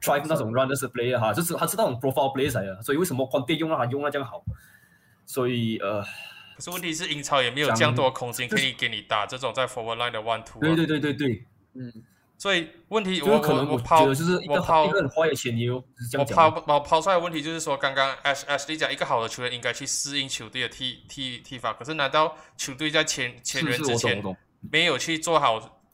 try i 那種 runners player 嚇、嗯，就是佢是那種 profile player 所以為什麼 Kante 用啊用啊這樣好？所以呃，可是問題是英超也沒有這樣多的空間可以給你打這種在 forward line 的 one two、啊。對對對對對，嗯。所以問題我可能我拋，就是一個一個很壞嘅前提，我拋我拋跑跑出來的問題就是說剛剛 Ash Ashley 講一個好的球員應該去適應球隊的踢踢踢法，可是難道球隊在前前兩之前是是沒有去做好？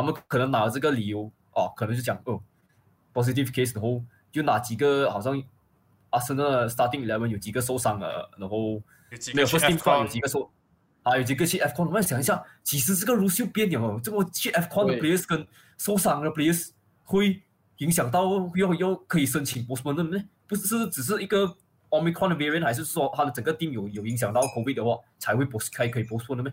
他們可能拿咗這個理由，哦、啊，可能是講，哦 positive case，然後就拿幾個好像阿森納 starting eleven 有幾個受傷了，然後沒有 first team 有幾個去啊有，有幾個 r、啊、AFCON, 我們想一下，其實這個 rules 變樣，咁我 AFCON 的 players, 對 跟受傷的 players 會影響到又又可以申請。postpone 咩？不是只是一個 Omicron 嘅 variant，還是說它的整個 team 有有影響到 COVID 嘅話，才會 postpone 可以 postpone 嘅咩？